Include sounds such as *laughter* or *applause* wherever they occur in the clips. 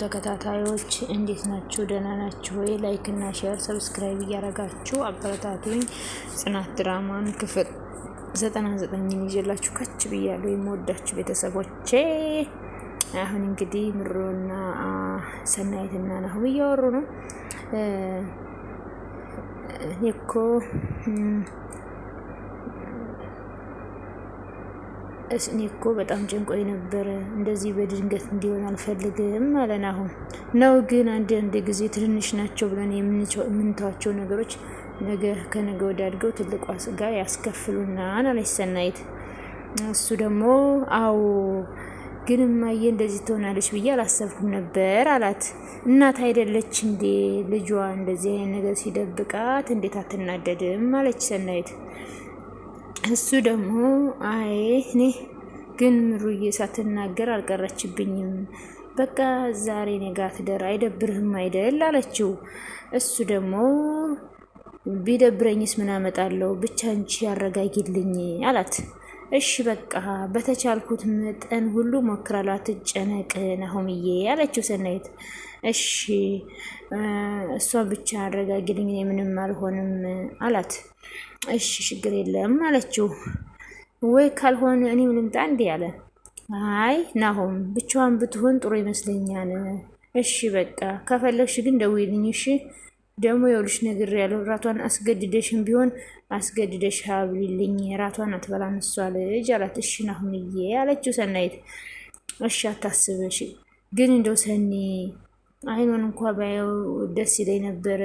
ተከታታዮች እንዴት ናችሁ? ደህና ናችሁ ወይ? ላይክ እና ሼር ሰብስክራይብ እያደረጋችሁ አበረታቱኝ። ጽናት ድራማን ክፍል ዘጠና ዘጠኝን ይዤላችሁ ከች ብያለሁ። የምወዳችሁ ቤተሰቦቼ አሁን እንግዲህ ምሩና ሰናይትና ናሁም እያወሩ ነው እኔ እኮ እኔ እኮ በጣም ጨንቆኝ ነበረ። እንደዚህ በድንገት እንዲሆን አልፈልግም አለን። አሁን ነው ግን አንዳንድ ጊዜ ትንንሽ ናቸው ብለን የምንተዋቸው ነገሮች ነገ ከነገ ወደ አድገው ትልቋ ስጋ ያስከፍሉናል አለች ሰናይት። እሱ ደግሞ አዎ ግን እማዬ እንደዚህ ትሆናለች ብዬ አላሰብኩም ነበር አላት። እናት አይደለች እንዴ ልጇ እንደዚህ አይነት ነገር ሲደብቃት እንዴት አትናደድም? አለች ሰናይት እሱ ደግሞ አይ እኔ ግን ምሩዬ ሳትናገር አልቀረችብኝም። በቃ ዛሬ እኔ ትደር አይደብርህም አይደል አለችው። እሱ ደግሞ ቢደብረኝስ ምን አመጣለሁ ብቻ አንቺ ያረጋጊልኝ አላት። እሺ በቃ በተቻልኩት መጠን ሁሉ ሞክራለሁ፣ አትጨነቅ ናሆምዬ ያለችው ሰናይት። እሺ እሷን ብቻ አረጋግልኝ፣ ምንም አልሆንም አላት። እሺ ችግር የለም አለችው። ወይ ካልሆነ እኔም ልምጣ እንዲህ አለ። አይ ናሆም ብቻዋን ብትሆን ጥሩ ይመስለኛል። እሺ በቃ ከፈለግሽ ግን ደውይልኝ። እሺ ደግሞ የውልሽ ነገር ያለው እራቷን አስገድደሽም ቢሆን አስገድደሽ አብሊልኝ ራቷን አትበላ እሷ ልጅ አላት። እሺ ናሁንዬ አለችው ሰናይት። እሺ አታስበሽ፣ ግን እንደው ሰኒ አይኗን እንኳ ባየው ደስ ይለኝ ነበረ።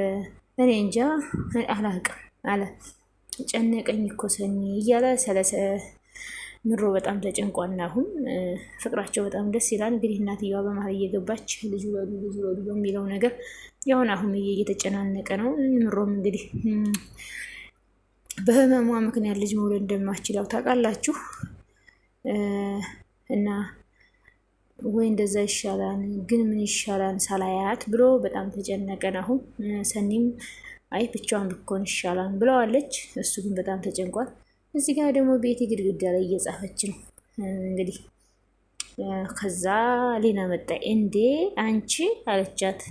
እኔ እንጃ አላቅም አለ። ጨነቀኝ እኮ ሰኒ እያለ ሰለሰ ምሮ በጣም ተጨንቋና አሁን ፍቅራቸው በጣም ደስ ይላል። እንግዲህ እናትየዋ በመሀል እየገባች ልጅ ወሉ ልጅ ወሉ የሚለው ነገር ያሁን አሁን እየተጨናነቀ ነው። ምሮም እንግዲህ በህመሟ ምክንያት ልጅ መውለድ እንደማችለው ታውቃላችሁ። እና ወይ እንደዛ ይሻላል ግን ምን ይሻላል ሳላያት ብሎ በጣም ተጨነቀ። አሁን ሰኒም አይ ብቻዋን ብኮን ይሻላል ብለዋለች። እሱ ግን በጣም ተጨንቋል። እዚህ ጋር ደግሞ ቤቴ ግድግዳ ላይ እየጻፈች ነው እንግዲህ። ከዛ ሌና መጣ። እንዴ አንቺ አለቻት።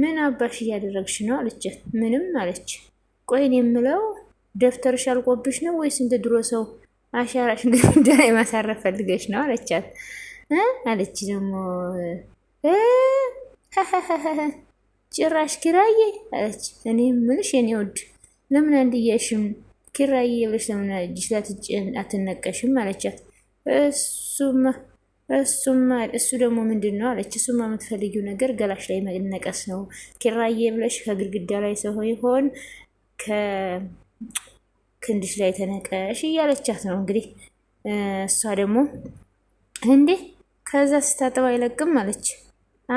ምን አባሽ እያደረግሽ ነው አለቻት። ምንም አለች። ቆይን የምለው ደብተርሽ አልቆብሽ ነው ወይስ እንደ ድሮ ሰው አሻራሽ ግድግዳ ላይ ማሳረፍ ፈልገሽ ነው አለቻት። አለች ደግሞ *laughs* ጭራሽ ኪራዬ አለች። እኔ ምንሽ የኔ ውድ ለምን አንድያሽም ኪራዬ ብለሽ ለምን ጅላት አትነቀሽም አለቻት። እሱማ እሱማ እሱ ደግሞ ምንድን ነው አለች። እሱማ የምትፈልጊው ነገር ገላሽ ላይ መነቀስ ነው። ኪራዬ ብለሽ ከግድግዳ ላይ ሰው ይሆን ከ ክንድሽ ላይ ተነቀሽ እያለቻት ነው እንግዲህ። እሷ ደግሞ እንዴ ከዛ ስታጥብ አይለቅም አለች።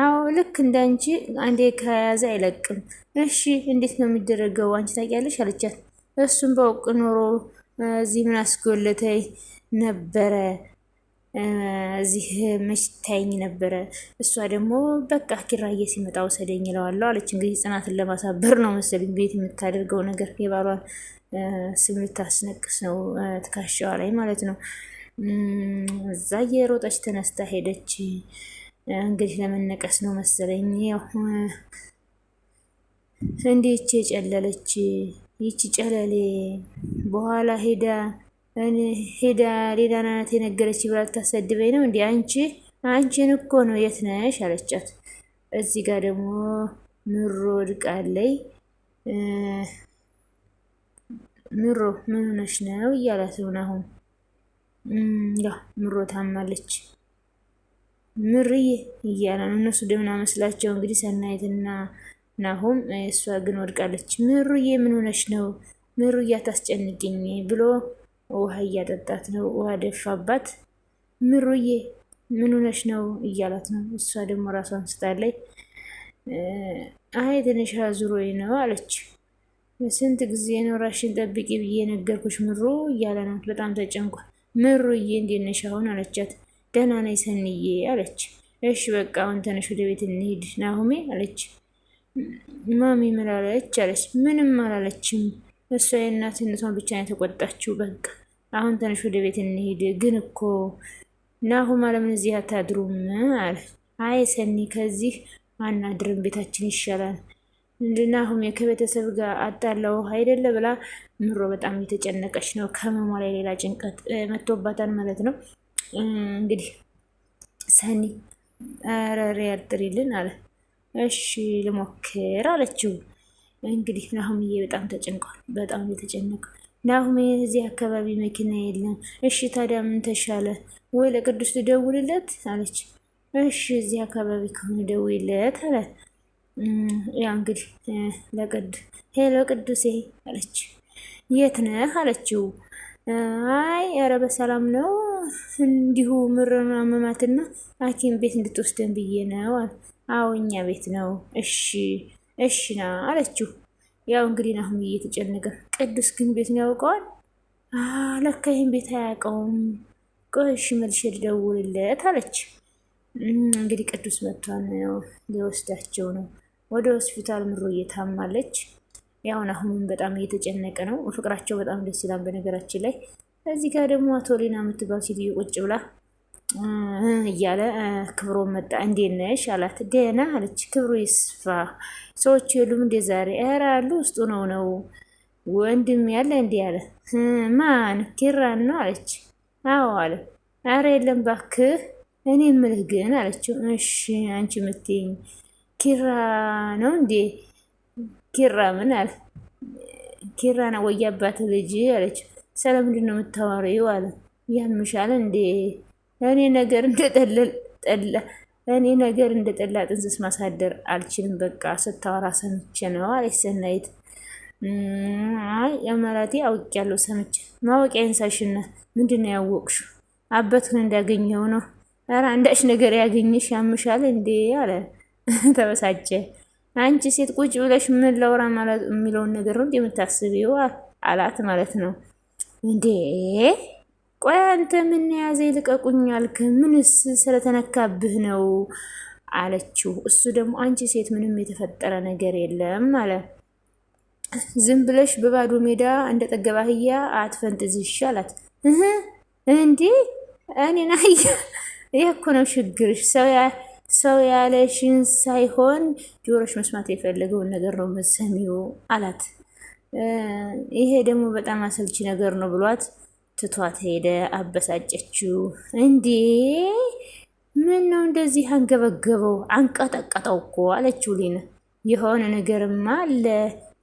አዎ ልክ እንዳንቺ አንዴ ከያዘ አይለቅም። እሺ እንዴት ነው የሚደረገው? አንቺ ታውቂያለሽ አለቻት። እሱም በውቅ ኖሮ እዚህ ምን አስጎለተኝ ነበረ እዚህ መች ነበረ። እሷ ደግሞ በቃ ኪራዬ ሲመጣ ውሰደኝ እለዋለሁ አለች። እንግዲህ ጽናትን ለማሳበር ነው መሰለኝ ቤት የምታደርገው ነገር የባሏን ስም ልታስነቅስ ነው ትከሻዋ ላይ ማለት ነው። እዛ የሮጠች ተነስታ ሄደች። እንግዲህ ለመነቀስ ነው መሰለኝ። እንዴች እንዲህ ይቺ የጨለለች ይቺ ጨለሌ በኋላ ሄዳ ሄዳ ሌላ ናት የነገረች ብላ ልታሰድበኝ ነው እንዲ አንቺ አንቺን እኮ ነው የት ነሽ አለቻት። እዚህ ጋር ደግሞ ምሮ ወድቃለይ ምሮ ምን ሆነሽ ነው እያላት ነው አሁን ምሮ ታማለች ምርዬ እያለ ነው። እነሱ ደህና መስላቸው እንግዲህ ሰናይትና ናሆም፣ እሷ ግን ወድቃለች። ምሩዬ ምን ሆነሽ ነው ምሩዬ አታስጨንቅኝ ብሎ ውሃ እያጠጣት ነው። ውሃ ደፋባት። ምሩዬ ምን ሆነሽ ነው እያላት ነው። እሷ ደግሞ ራሷን ስታለይ አይ ትንሽ አዙሮዬ ነው አለች። ስንት ጊዜ ነው ራሽን ጠብቂ ብዬ ነገርኩሽ ምሩ እያለ ነው። በጣም ተጨንቋል። ምሩዬ እንዴት ነሽ አሁን አለቻት። ደህና ነኝ ሰንዬ አለች። እሺ በቃ አሁን ተነሽ ወደ ቤት እንሄድ ናሁሜ አለች። ማሚ ምን አለች አለች። ምንም አላለችም። እሷ የእናትነቷን ብቻ ነው የተቆጣችው በቃ አሁን ትንሽ ወደ ቤት እንሄድ። ግን እኮ ናሁም አለምን እዚህ አታድሩም አለ። አይ ሰኒ ከዚህ አናድርም፣ ቤታችን ይሻላል። ናሁም ከቤተሰብ ጋር አጣለው አይደለ ብላ ምሮ በጣም እየተጨነቀች ነው። ከመሟ ላይ ሌላ ጭንቀት መጥቶባታል ማለት ነው። እንግዲህ ሰኒ ረሬ ያጥሪልን አለ። እሺ ልሞክር አለችው። እንግዲህ ናሁምዬ በጣም ተጨንቋል። በጣም እየተጨነቀ ናሁሜ እዚህ አካባቢ መኪና የለም። እሺ ታዲያ ምን ተሻለ? ወይ ለቅዱስ ልደውልለት አለች። እሺ እዚህ አካባቢ ከሆነ ደውይለት አለ። ያ እንግዲህ ለቅዱ ሄሎ ቅዱሴ አለች። የት ነህ አለችው። አይ ኧረ በሰላም ነው እንዲሁ ምር መማትና ሐኪም ቤት እንድትወስደን ብዬ ነው። አዎ እኛ ቤት ነው። እሺ እሺ ና አለችው። ያው እንግዲህ ናሁም እየተጨነቀ ቅዱስ ግን ቤት ነው ያውቀዋል። ለካ ይህን ቤት አያውቀውም። ቆሽ መልሼ ልደውልለት አለች። እንግዲህ ቅዱስ መቷን ሊወስዳቸው ነው ወደ ሆስፒታል። ምሮ እየታማለች ያሁን አሁንም በጣም እየተጨነቀ ነው። ፍቅራቸው በጣም ደስ ይላል። በነገራችን ላይ እዚህ ጋር ደግሞ አቶ ሌና የምትባል ሴትዮ ቁጭ ብላ እያለ ክብሮ መጣ። እንዴት ነሽ አላት። ደህና አለች። ክብሮ ይስፋ ሰዎቹ የሉም እንደ ዛሬ? ኧረ አሉ ውስጡ ነው ነው ወንድም ያለ እንዲህ አለ። ማን ኪራን ነው አለች። አዎ አለ። አረ የለም ባክህ፣ እኔ ምልህ ግን አለችው። እሺ አንቺ ምትኝ ኪራ ነው እንዴ? ኪራ ምን አለ? ኪራ ነው ወይ አባትህ ልጅ አለችው። ስለምንድን ነው የምታወሪው አለ። ያምሻል እንዴ? እኔ ነገር እንደጠለል ጠላ እኔ ነገር እንደ ጠላ ጥንስስ ማሳደር አልችልም። በቃ ስታወራ ሰምቼ ነው አለች ሰናይት አይ የመራቴ አውቅ ያለው ሰምቼ ማወቅ ያንሳሽና ምንድን ነው ያወቅሽው? አበትህን እንዳገኘው ነው። ኧረ አንዳች ነገር ያገኘሽ ያምሻል እንዴ አለ *laughs* ተበሳጨ። አንቺ ሴት ቁጭ ብለሽ ምን ማለት የሚለውን ነገር ነው የምታስቢው አላት ማለት ነው እንዴ። ቆይ አንተ ምን ያዘ ይልቀቁኝ አልክ? ምንስ ስለተነካብህ ነው አለችው። እሱ ደግሞ አንቺ ሴት ምንም የተፈጠረ ነገር የለም አለ ዝም ብለሽ በባዶ ሜዳ እንደ ጠገባ አህያ አትፈንጥዝ ይሻላት። እንዴ እኔን አህያ ይህ እኮ ነው ችግርሽ። ሰው ያለሽን ሳይሆን ጆሮሽ መስማት የፈለገውን ነገር ነው መሰሚው አላት። ይሄ ደግሞ በጣም አሰልቺ ነገር ነው ብሏት ትቷት ሄደ። አበሳጨችው። እንዴ ምን ነው እንደዚህ አንገበገበው አንቀጠቀጠው እኮ አለችው። ሊና የሆነ ነገርማ አለ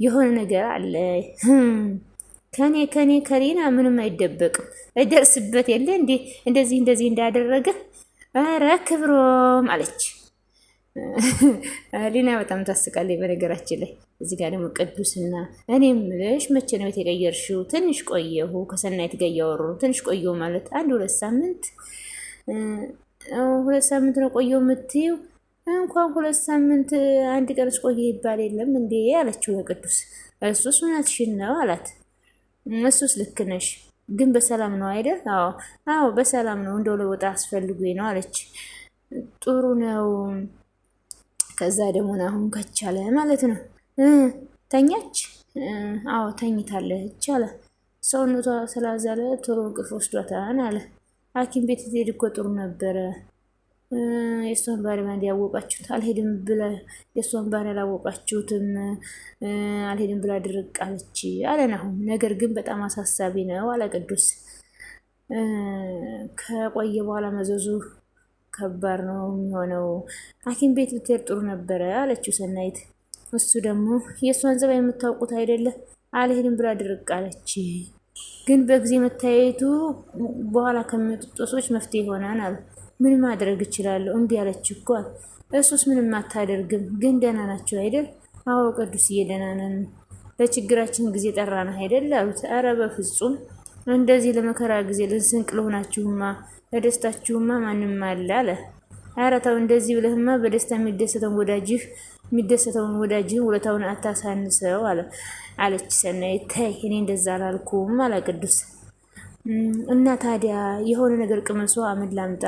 የሆነ ነገር አለ። ከኔ ከኔ ከሪና ምንም አይደበቅም። እደርስበት የለ እንዴ እንደዚህ እንደዚህ እንዳደረገ ኧረ ክብሮም አለች። *laughs* ሊና በጣም ታስቃለች። በነገራችን ላይ እዚህ ጋር ደግሞ ቅዱስና እኔ ምልሽ መቼ ነው የተቀየርሽው? ትንሽ ቆየሁ ከሰናይት ጋር እያወሩ ትንሽ ቆየሁ ማለት አንድ ሁለት ሳምንት ሁለት ሳምንት ነው ቆየሁ የምትይው እንኳን ሁለት ሳምንት አንድ ቀን ቆየ ይባል የለም እንዴ አለችው ለቅዱስ። እሱስ እውነትሽን ነው አላት። እሱስ ልክ ነሽ፣ ግን በሰላም ነው አይደል? አዎ አዎ፣ በሰላም ነው። እንደው ለወጣ አስፈልጉ ነው አለች። ጥሩ ነው። ከዛ ደግሞ አሁን ከቻለ ማለት ነው። ተኛች? አዎ ተኝታለች አለ። ሰውነቷ ስላዛለ ቶሎ እንቅልፍ ወስዷታን አለ። ሐኪም ቤት ሄድ እኮ ጥሩ ነበረ የእሷን ባሪያ ማንድ ያወቃችሁት? አልሄድም ብላ የእሷን ባሪያ አላወቃችሁትም? አልሄድም ብላ ድርቅ አለች አለን። አሁን ነገር ግን በጣም አሳሳቢ ነው አለ ቅዱስ። ከቆየ በኋላ መዘዙ ከባድ ነው የሚሆነው። ሐኪም ቤት ብትሄድ ጥሩ ነበረ አለችው ሰናይት። እሱ ደግሞ የእሷን ጸባይ የምታውቁት አይደለ? አልሄድም ብላ ድርቅ አለች። ግን በጊዜ መታየቱ በኋላ ከሚወጡ ጦሶች መፍትሄ ይሆናል አሉ ምን ማድረግ እችላለሁ? እምቢ አለች እኮ እሱስ ምንም አታደርግም። ግን ደህና ናቸው አይደል? አዎ ቅዱስዬ ደህና ነን። ለችግራችን ጊዜ ጠራና አይደል አሉት። አረ በፍጹም እንደዚህ ለመከራ ጊዜ ለስንቅ ለሆናችሁማ ለደስታችሁማ ማንም አለ አለ። አረ ተው እንደዚህ ብለህማ በደስታ የሚደሰተውን ወዳጅህ የሚደሰተውን ወዳጅህን ውለታውን አታሳንሰው አለ አለች ሰናይት። ተይ እኔ እንደዛ አላልኩም አለ ቅዱስ። እና ታዲያ የሆነ ነገር ቅመሶ አመድ ላምጣ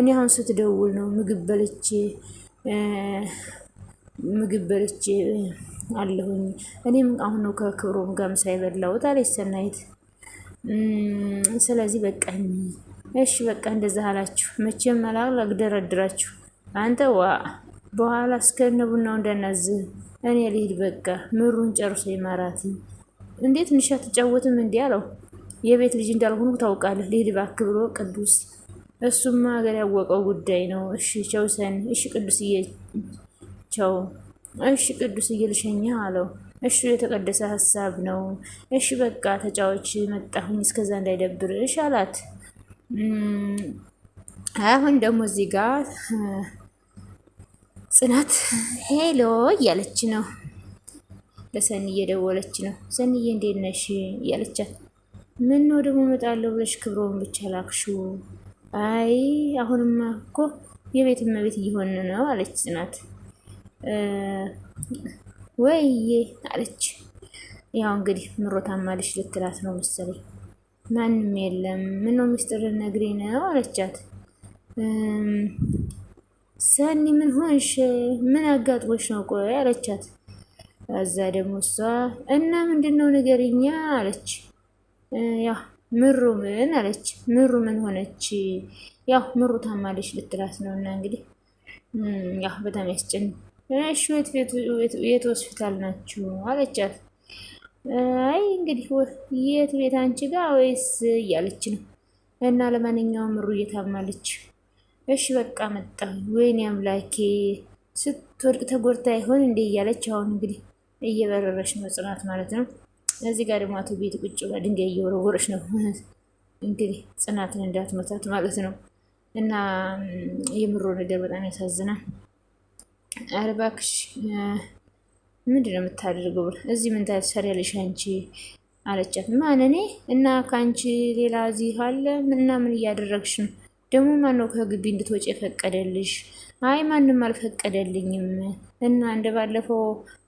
እኔ አሁን ስትደውል ነው ምግብ በልቼ ምግብ በልቼ አለሁኝ። እኔም አሁን ነው ከክብሮም ጋር ምሳ የበላሁት አለች ሰናይት። ስለዚህ በቃኝ። እሺ በቃ እንደዛ አላችሁ። መቼም መላቅላቅ ደረድራችሁ አንተ ዋ በኋላ እስከነ ቡናው እንዳናዝህ እኔ ልሂድ በቃ ምሩን ጨርሶ ይማራት እንዴት ንሻ ትጫወትም እንዲህ አለው። የቤት ልጅ እንዳልሆኑ ታውቃለህ። ልሂድ እባክህ ብሎ ቅዱስ እሱማ ሀገር ያወቀው ጉዳይ ነው። እሺ ሰን እሺ ቅዱስዬ፣ ቸው እሺ ቅዱስዬ ልሸኛ አለው። እሺ የተቀደሰ ሀሳብ ነው። እሺ በቃ ተጫዎች መጣሁኝ፣ እስከዛ እንዳይደብር እሺ አላት። አሁን ደግሞ እዚህ ጋር ጽናት ሄሎ እያለች ነው፣ ለሰንዬ እየደወለች ነው። ሰንዬ እንዴት ነሽ እያለቻት ምን ነው ደግሞ እመጣለሁ ብለሽ ክብሮን ብቻ ላክሹ አይ አሁንማ እኮ የቤት እመቤት እየሆን ነው አለች ጽናት። ወይዬ አለች። ያው እንግዲህ ምሮታማልሽ ልትላት ነው መሰለኝ። ማንም የለም ነው ሚስጥር ነግሪ ነው አለቻት። ሰኒ ምን ሆንሽ? ምን አጋጥሞሽ ነው? ቆይ አለቻት። እዛ ደግሞ እሷ እና ምንድን ነው ንገሪኛ አለች ያ ምሩ ምን አለች? ምሩ ምን ሆነች? ያው ምሩ ታማለች ልትላት ነው። እና እንግዲህ ያው በጣም ያስጭን። እሺ የት ሆስፒታል ናችሁ አለቻት። አይ እንግዲህ የት ቤት አንቺ ጋ ወይስ እያለች ነው። እና ለማንኛውም ምሩ እየታማለች። እሺ በቃ መጣ ወይኔ አምላኬ ስትወድቅ ተጎድታ ይሆን እንዴ እያለች አሁን እንግዲህ እየበረረች ነው ጽናት ማለት ነው። እዚህ ጋር ደግሞ አቶ ቤት ቁጭ ብላ ድንጋይ እየወረወረች ነው እንግዲህ ጽናትን እንዳትመታት ማለት ነው። እና የምሮ ነገር በጣም ያሳዝናል። ኧረ እባክሽ ምንድን ነው የምታደርገው? እዚህ ምን ታሰሪያለሽ አንቺ አለቻት። ማን እኔ? እና ከአንቺ ሌላ እዚህ አለ? ምናምን እያደረግሽ ነው? ደግሞ ማነው ከግቢ እንድትወጪ የፈቀደልሽ? አይ ማንም አልፈቀደልኝም። እና እንደ ባለፈው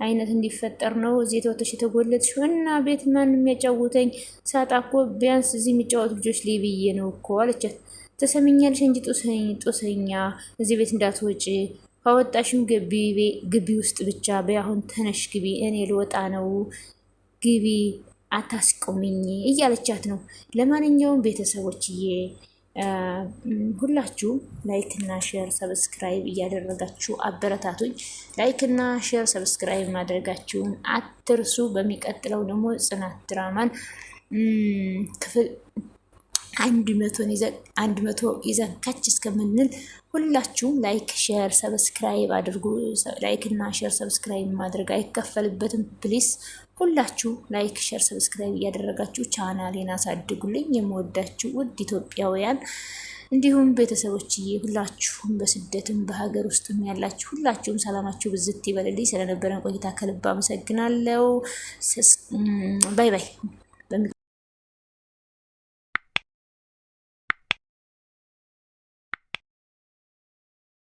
አይነት እንዲፈጠር ነው እዚህ የተወተሽ የተጎለጥሽው። እና ቤት ማንም የሚያጫውተኝ ሳጣ እኮ ቢያንስ እዚህ የሚጫወቱ ልጆች ላይ ነው እኮ አለቻት። ትሰሚኛለሽ እንጂ ጦሰኛ እዚህ ቤት እንዳትወጪ ካወጣሽም ግቢ ውስጥ ብቻ በያሁን ተነሽ ግቢ፣ እኔ ልወጣ ነው ግቢ፣ አታስቆምኝ እያለቻት ነው። ለማንኛውም ቤተሰቦችዬ ሁላችሁም ላይክ እና ሼር ሰብስክራይብ እያደረጋችሁ አበረታቱኝ። ላይክ እና ሼር ሰብስክራይብ ማድረጋችሁን አትርሱ። በሚቀጥለው ደግሞ ጽናት ድራማን ክፍል አንድ መቶ ይዘን ከች እስከምንል ሁላችሁም ላይክ ሼር ሰብስክራይብ አድርጉ። ላይክ እና ሼር ሰብስክራይብ ማድረግ አይከፈልበትም። ፕሊስ ሁላችሁ ላይክ ሼር ሰብስክራይብ እያደረጋችሁ ቻናሌን አሳድጉልኝ። የምወዳችሁ ውድ ኢትዮጵያውያን እንዲሁም ቤተሰቦችዬ ሁላችሁም በስደትም በሀገር ውስጥም ያላችሁ ሁላችሁም ሰላማችሁ ብዝት ይበልልኝ። ስለነበረን ቆይታ ከልብ አመሰግናለሁ። ባይ ባይ።